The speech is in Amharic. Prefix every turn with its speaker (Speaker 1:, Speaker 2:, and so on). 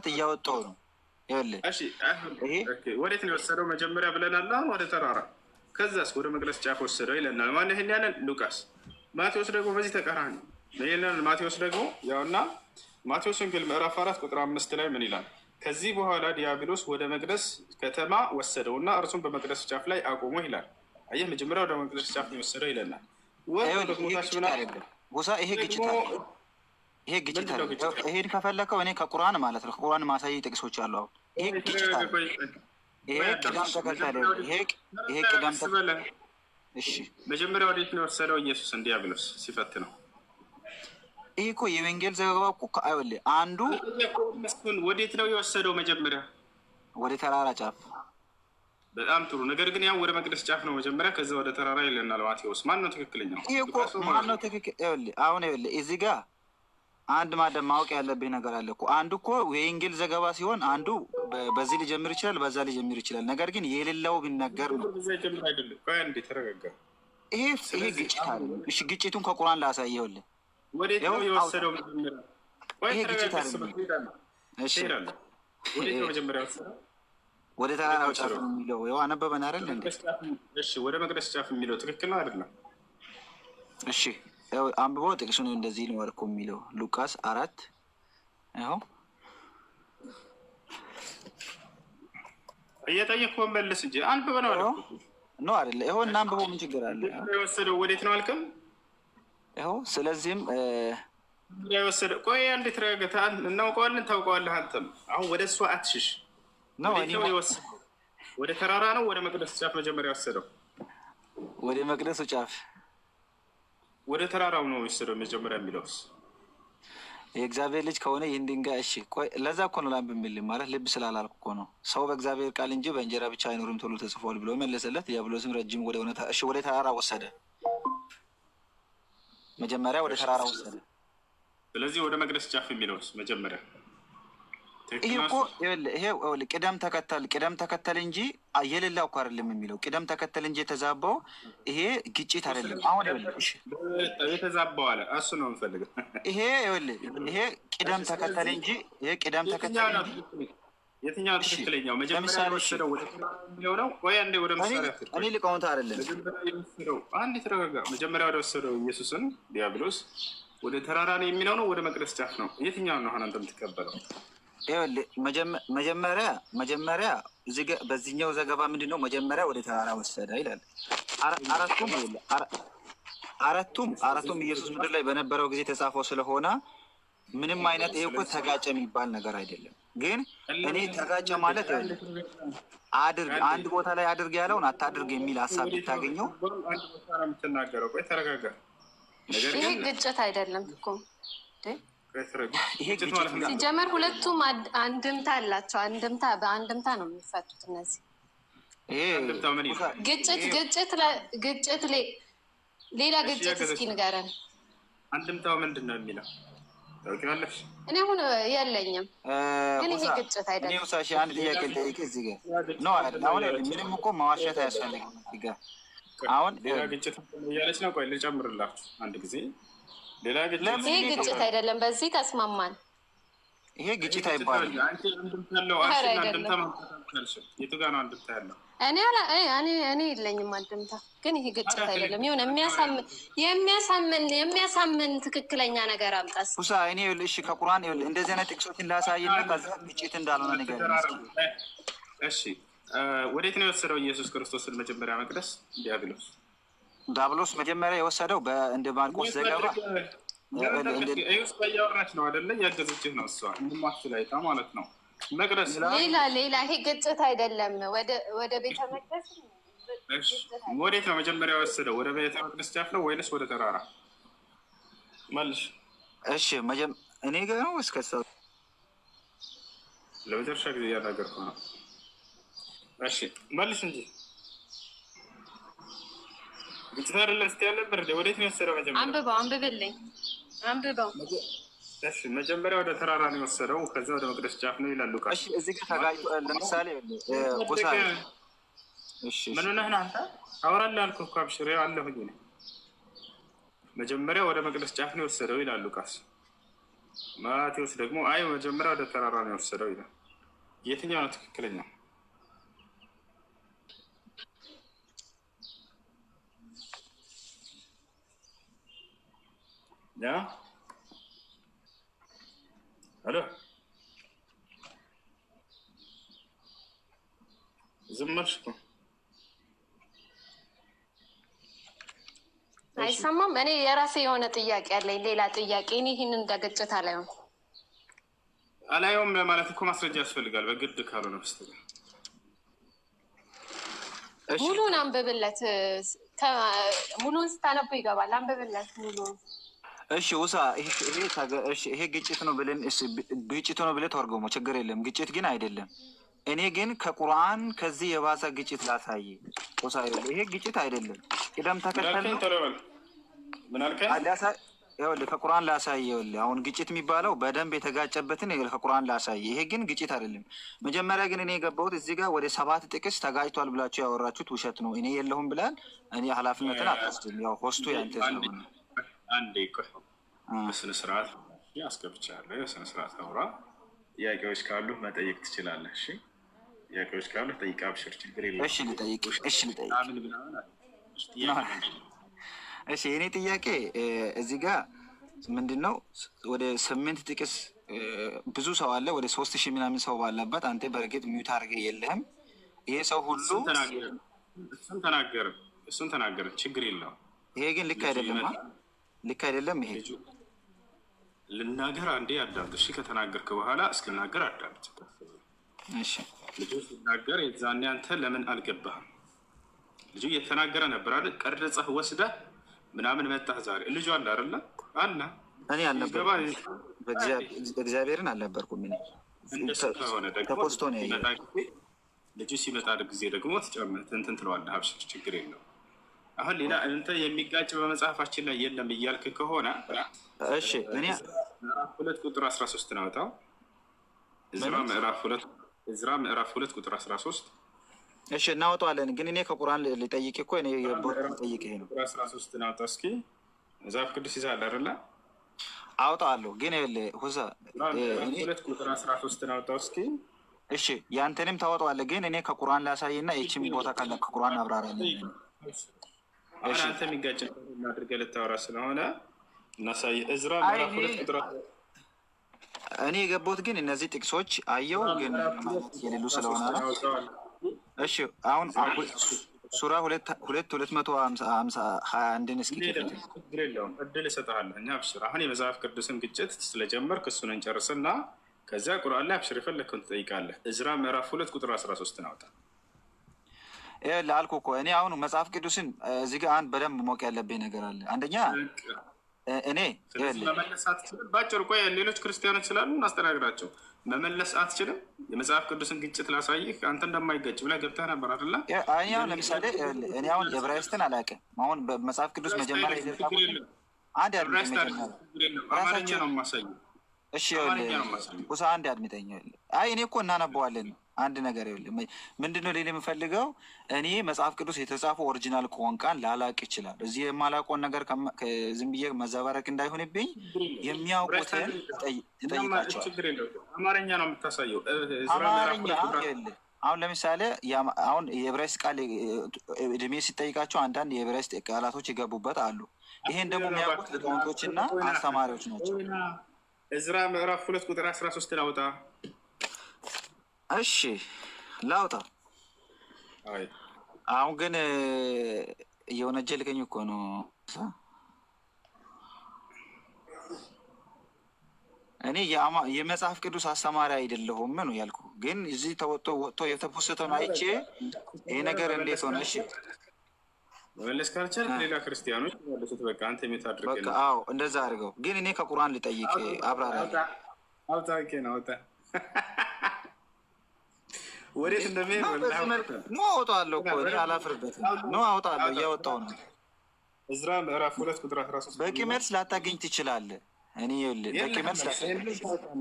Speaker 1: መሰረት እያወጣው ነው።
Speaker 2: ወዴት ነው የወሰደው? መጀመሪያ ብለናል፣ ወደ ተራራ። ከዛስ ወደ መቅደስ ጫፍ ወሰደው ይለናል። ማን ይህን ያለን? ሉቃስ። ማቴዎስ ደግሞ በዚህ ተቃራኒ ይለናል። ማቴዎስ ደግሞ ያውና ማቴዎስ ወንጌል ምዕራፍ አራት ቁጥር አምስት ላይ ምን ይላል? ከዚህ በኋላ ዲያብሎስ ወደ መቅደስ ከተማ ወሰደው እና እርሱም በመቅደስ ጫፍ ላይ አቆሞ ይላል። አየህ፣ መጀመሪያ ወደ መቅደስ ጫፍ ነው የወሰደው ይለናል።
Speaker 1: ወደ ደግሞ ታች ምናምን ይሄ ግጭት ይሄን ከፈለከው እኔ ከቁርአን ማለት ነው ከቁርአን ማሳይ ጥቅሶች አሉ። አሁን ይሄ ግጭት አለ። ይሄ ቅዳም ተከተለ። ይሄ ይሄ ቅዳም ተከተለ። እሺ
Speaker 2: መጀመሪያ ወዴት ነው የወሰደው? ኢየሱስ እንዲያብሎስ ሲፈት ነው።
Speaker 1: ይሄ እኮ የወንጌል ዘገባ እኮ አይወል አንዱ
Speaker 2: ወዴት ነው የወሰደው? መጀመሪያ
Speaker 1: ወደ ተራራ ጫፍ።
Speaker 2: በጣም ጥሩ ነገር ግን ያው ወደ መቅደስ ጫፍ ነው መጀመሪያ፣ ከዛ ወደ ተራራ ይለናል ማቴዎስ። ማን ነው ትክክለኛው?
Speaker 1: ይሄ እኮ ማን ነው ትክክል? አሁን ይኸውልህ እዚህ ጋር አንድ ማደም ማወቅ ያለብኝ ነገር አለ እኮ። አንዱ እኮ የእንግል ዘገባ ሲሆን አንዱ በዚህ ሊጀምር ይችላል፣ በዛ ሊጀምር ይችላል። ነገር ግን የሌለው ቢነገር ነው። ይሄ ግጭት አለ። እሺ ግጭቱን ከቁርአን ላሳየውልን። ይሄ ግጭት አለ። ወደ ተራራው ጫፍ የሚለው ያው አነበበን አይደል?
Speaker 2: ወደ መቅደስ ጫፍ የሚለው ትክክል ነው አይደለም።
Speaker 1: እሺ አንብቦ ጥቅሱ ነው እንደዚህ ልመርኩ የሚለው ሉቃስ አራት ይኸው
Speaker 2: እየጠየቅኩህ መልስ እንጂ አንብበ ነው አለ
Speaker 1: ነው አይደለ? ይኸው እና አንብቦ ምን ችግር አለ?
Speaker 2: የወሰደው ወዴት ነው አልክም?
Speaker 1: ይኸው ስለዚህም
Speaker 2: ወሰደ። ቆይ አንዴ ተረጋግተ። እናውቀዋለን፣ ታውቀዋለህ። አንተም አሁን ወደ እሷ አትሽሽ ወደ ተራራ ነው ወደ መቅደስ ጫፍ መጀመሪያ ወሰደው
Speaker 1: ወደ መቅደሱ ጫፍ
Speaker 2: ወደ ተራራው ነው የወሰደው። መጀመሪያ የሚለውስ
Speaker 1: የእግዚአብሔር ልጅ ከሆነ ይህን ድንጋይ እሺ፣ ለዛ እኮ ነው ላም የሚል ማለት ልብ ስላላልኩ እኮ ነው። ሰው በእግዚአብሔር ቃል እንጂ በእንጀራ ብቻ አይኖርም ተብሎ ተጽፏል ብሎ መለሰለት። ዲያብሎስም ረጅም ወደ ሆነ እሺ፣ ወደ ተራራ ወሰደ። መጀመሪያ ወደ ተራራ ወሰደ።
Speaker 2: ስለዚህ ወደ መቅደስ ጫፍ የሚለውስ መጀመሪያ
Speaker 1: ይሄ እኮ ቅደም ተከተል ቅደም ተከተል እንጂ የሌላ እኮ አይደለም የሚለው ቅደም ተከተል እንጂ የተዛባው ይሄ ግጭት አይደለም። አሁን
Speaker 2: የተዛባው አለ እሱ ነው የምፈልገው።
Speaker 1: ይሄ ይሄ ቅደም ተከተል እንጂ ይሄ ቅደም ተከተል
Speaker 2: የትኛው ትክክለኛው መጀመሪያ የወሰደው ነው? ቆይ አንዴ ወደ ምሳሌ
Speaker 1: እኔ ሊቃውንት አይደለም
Speaker 2: አንድ የተረጋጋ መጀመሪያ ወደ ወሰደው ኢየሱስን ዲያብሎስ ወደ ተራራ ነው የሚለው ነው ወደ መቅደስ ጫፍ ነው የትኛው ነው አሁን አንተ የምትቀበለው?
Speaker 1: መጀመሪያ መጀመሪያ በዚህኛው ዘገባ ምንድን ነው? መጀመሪያ ወደ ተራራ ወሰደ ይላል። አረቱም አረቱም ኢየሱስ ምድር ላይ በነበረው ጊዜ ተጻፈው ስለሆነ ምንም አይነት ይሄ እኮ ተጋጨ የሚባል ነገር አይደለም። ግን እኔ ተጋጨ ማለት አድርግ አንድ ቦታ ላይ አድርግ ያለውን አታድርግ የሚል ሀሳብ ብታገኘው
Speaker 3: ይሄ ግጭት አይደለም እኮ ሲጀመር ሁለቱም አንድምታ አላቸው። አንድምታ በአንድምታ ነው የሚፈቱት። እነዚህ ግጭት ግጭት ግጭት ሌላ ግጭት እስኪ ንገረን።
Speaker 2: አንድምታው ምንድን ነው የሚለው
Speaker 3: እኔ አሁን የለኝም፣
Speaker 1: ግን ይሄ ግጭት አይደለም። አንድ ጥያቄ ጠይቅ። እዚህ ጋር ነው። አሁን ምንም እኮ መዋሸት አያስፈልግም ጋር አሁን
Speaker 2: ሌላ ግጭት እያለች ነው። ቆይ ልጨምርላችሁ አንድ ጊዜ ሌላ ግጭት።
Speaker 3: ይሄ ግጭት አይደለም፣ በዚህ ተስማማን።
Speaker 1: ይሄ ግጭት አይባልም።
Speaker 3: እኔ የለኝም አድምታ፣ ግን ይሄ ግጭት አይደለም። የሆነ የሚያሳምን የሚያሳምን ትክክለኛ ነገር አምጣስ
Speaker 1: ሁሳ እኔ እሺ፣ ከቁርአን እንደዚህ አይነት ጥቅሶችን ላሳይና ከዛ ግጭት እንዳልሆነ ነገር
Speaker 2: እሺ ወዴት ነው የወሰደው ኢየሱስ ክርስቶስን መጀመሪያ መቅደስ? ዲያብሎስ
Speaker 1: ዲያብሎስ መጀመሪያ የወሰደው እንደ ማርቆስ ዘገባ
Speaker 2: ስ እያወራች ነው አደለ? ያገዘችህ ነው እሷ ማስላይታ ማለት ነው። መቅደስ
Speaker 3: ሌላ ሌላ፣ ይሄ ግጭት አይደለም። ወደ ቤተ መቅደስ
Speaker 2: ወዴት ነው መጀመሪያ የወሰደው? ወደ ቤተ መቅደስ ጫፍ ነው ወይንስ ወደ ተራራ መልሽ?
Speaker 1: እሺ እኔ ገ ነው እስከሰ
Speaker 2: ለመጨረሻ ጊዜ እያናገርኩ ነው እሺ መልስ እንጂ ግጭት ወዴት ነው የወሰደው? መጀመሪያ
Speaker 3: አንብበው፣ አንብብልኝ፣ አንብበው።
Speaker 2: እሺ መጀመሪያ ወደ ተራራ ነው የወሰደው፣ ከዛ ወደ መቅደስ ጫፍ ነው ይላሉ። ቃል
Speaker 1: እሺ፣ እዚህ ጋር ተጋጭ። ለምሳሌ እሺ፣ ምን
Speaker 2: አንተ? አልኩህ እኮ አብሽር፣ አለሁኝ ነው። መጀመሪያ ወደ መቅደስ ጫፍ ነው የወሰደው ማቴዎስ ደግሞ አይ መጀመሪያ ወደ ተራራ ነው የወሰደው ይላል። የትኛው ነው ትክክለኛው? Ja? ሄሎ ዝም
Speaker 3: አይሰማም። እኔ የራሴ የሆነ ጥያቄ አለኝ፣ ሌላ ጥያቄ። እኔ ይህን እንደገጭት አላየውም
Speaker 2: አላየውም ማለት እኮ ማስረጃ ያስፈልጋል። በግድ ካልሆነ በስተቀር
Speaker 3: ሙሉን አንብብለት። ሙሉን ስታነቡ ይገባል። አንብብለት ሙሉን
Speaker 1: እሺ ውሳ ይሄ ግጭት ነው ብለን ግጭት ነው ብለህ ተርጎሞ ችግር የለም። ግጭት ግን አይደለም። እኔ ግን ከቁርአን ከዚህ የባሰ ግጭት ላሳይ። ውሳ ይሄ ግጭት አይደለም። ቅደም ተከተል ይኸውልህ ከቁርአን ላሳይ። ይኸውልህ አሁን ግጭት የሚባለው በደንብ የተጋጨበትን ከቁርአን ላሳይ። ይሄ ግን ግጭት አይደለም። መጀመሪያ ግን እኔ የገባሁት እዚህ ጋር ወደ ሰባት ጥቅስ ተጋጭቷል ብላችሁ ያወራችሁት ውሸት ነው። እኔ የለሁም ብለን እኔ ኃላፊነትን አታስድም። ያው ሆስቱ ያንተ ስለሆነ
Speaker 2: አንድ ቆይ በስነ ስርዓት አስገብቻለሁ። የስነ ስርዓት አውራ። ጥያቄዎች ካሉ መጠየቅ ትችላለህ። እሺ፣ ጥያቄዎች ካሉ ጠይቃ፣ ብሽር፣ ችግር
Speaker 1: የለም። እሺ፣ ልጠይቅ። እሺ፣ ልጠይቅ። እሺ፣ የእኔ ጥያቄ እዚህ ጋር ምንድን ነው? ወደ ስምንት ጥቅስ ብዙ ሰው አለ፣ ወደ ሶስት ሺህ ምናምን ሰው ባለበት አንተ በእርግጥ ሚዩት አድርገህ የለህም። ይሄ ሰው ሁሉ እሱን
Speaker 2: ተናገረ፣ እሱን ተናገረ፣ ችግር የለውም።
Speaker 1: ይሄ ግን ልክ አይደለም። ልክ አይደለም ይሄ
Speaker 2: ልናገር አንዴ አዳምጥ። እሺ ከተናገርክ በኋላ እስክናገር አዳምጥ። እሺ ልጁ ሲናገር የዛኔ አንተ ለምን አልገባህም? ልጁ እየተናገረ ነበር አይደል? ቀርጸህ ወስደህ ምናምን መጣህ ዛሬ። ልጁ አለ አይደለ? አለ
Speaker 1: እኔ አልነበርኩም፣ እግዚአብሔርን አልነበርኩም። ተኮስቶ ነው
Speaker 2: ልጁ ሲመጣ ጊዜ ደግሞ ትጨምር እንትን ትለዋለህ። ሀብሽ ችግር የለውም አሁን ሌላ እንተ የሚጋጭ በመጽሐፋችን ላይ የለም እያልክ ከሆነ እሺ፣ እኔ ሁለት ቁጥር አስራ ሶስት ናወጣው እዝራ ምዕራፍ ሁለት እዝራ ምዕራፍ ሁለት ቁጥር አስራ ሶስት
Speaker 1: እሺ፣ እናወጣዋለን። ግን እኔ ከቁርአን ልጠይቅ እኮ እኔ ነው።
Speaker 2: ቁጥር አስራ ሶስት ናውጣ እስኪ መጽሐፍ ቅዱስ ይዛል አይደለ?
Speaker 1: አውጣዋለሁ። ግን
Speaker 2: ሁለት ቁጥር አስራ ሶስት ናወጣ እስኪ
Speaker 1: እሺ ያንተንም ታወጣዋለህ። ግን እኔ ከቁርአን ላሳይና የችም ቦታ ካለ ከቁርአን አብራራ
Speaker 2: አሁን አንተ የሚጋጭ አድርገህ ልታወራ ስለሆነ እናሳይ። እዝራ ምዕራፍ ሁለት ቁጥር
Speaker 1: እኔ የገባሁት ግን እነዚህ ጥቅሶች አየው ግን የሌሉ ስለሆነ እሺ አሁን ሱራ ሁለት ሁለት መቶ ሀያ አንድን እስኪ ችግር
Speaker 2: የለውም እድል እሰጥሃለሁ። እኛ አብሽር አሁን የመጽሐፍ ቅዱስን ግጭት ስለጀመርክ እሱን እንጨርስና ከዚያ ቁርአን ላይ አብሽር የፈለግከውን ትጠይቃለህ። እዝራ ምዕራፍ ሁለት ቁጥር አስራ ሶስትን አውጣ።
Speaker 1: ላልኩ እኮ እኔ አሁን መጽሐፍ ቅዱስን እዚህ ጋር አንድ በደንብ ማወቅ ያለብኝ ነገር አለ። አንደኛ እኔ
Speaker 2: መመለስ አትችልም። ባጭሩ ቆይ፣ ሌሎች ክርስቲያኖች ስላሉ እናስተናግዳቸው። መመለስ አትችልም። የመጽሐፍ ቅዱስን ግጭት ላሳይህ። አንተ እንደማይገጭ ብለህ ገብተህ ነበር አይደለ?
Speaker 1: እኔ አሁን ለምሳሌ እኔ አሁን ዕብራይስጥን አላውቅም። አሁን መጽሐፍ ቅዱስ መጀመሪያ አንድ ያድምጠኝ ነው። እሺ ቁሳ አንድ ያድምጠኝ። አይ እኔ እኮ እናነበዋለን ነው አንድ ነገር ምንድን ነው ሌላ የምፈልገው እኔ መጽሐፍ ቅዱስ የተጻፈው ኦሪጂናል ቋንቋን ላላቅ ይችላል። እዚህ የማላቆን ነገር ዝም ብዬ መዘባረቅ እንዳይሆንብኝ የሚያውቁትን
Speaker 2: እጠይቃቸዋል። አማርኛ ነው የምታሳየው።
Speaker 1: አሁን ለምሳሌ አሁን የዕብራይስጥ ቃል እድሜ ሲጠይቃቸው አንዳንድ የዕብራይስጥ ቃላቶች የገቡበት አሉ። ይሄን ደግሞ የሚያውቁት ሊቃውንቶችና አስተማሪዎች ናቸው።
Speaker 2: እዝራ ምዕራፍ ሁለት ቁጥር አስራ ሶስት ላውጣ
Speaker 1: እሺ ላውጣ። አሁን ግን እየወነጀልከኝ እኮ ነው። እኔ የመጽሐፍ ቅዱስ አስተማሪ አይደለሁም ነው ያልኩ። ግን እዚህ ተወጥቶ ወጥቶ የተፖሰተውን አይቼ ይሄ ነገር እንዴት ሆነ? እሺ
Speaker 2: መመለስ ካልቻልክ ሌላ ክርስቲያኖች መለሱት። በቃ አንተ የምታደርገው
Speaker 1: በቃ አዎ፣ እንደዛ አድርገው። ግን እኔ ከቁርአን ልጠይቅ አብራራ።
Speaker 2: አውጣ አውጣ ወዴት እንደሚሄድ
Speaker 1: አውጣለሁ እኮ አላፍርበትም። ነው አውጣለሁ፣ እያወጣሁ ነው።
Speaker 2: እዝራ ምዕራፍ ሁለት ቁጥር አስራ ሶስት
Speaker 1: በቂ መልስ ላታገኝ ትችላለህ። እኔ በቂ መልስ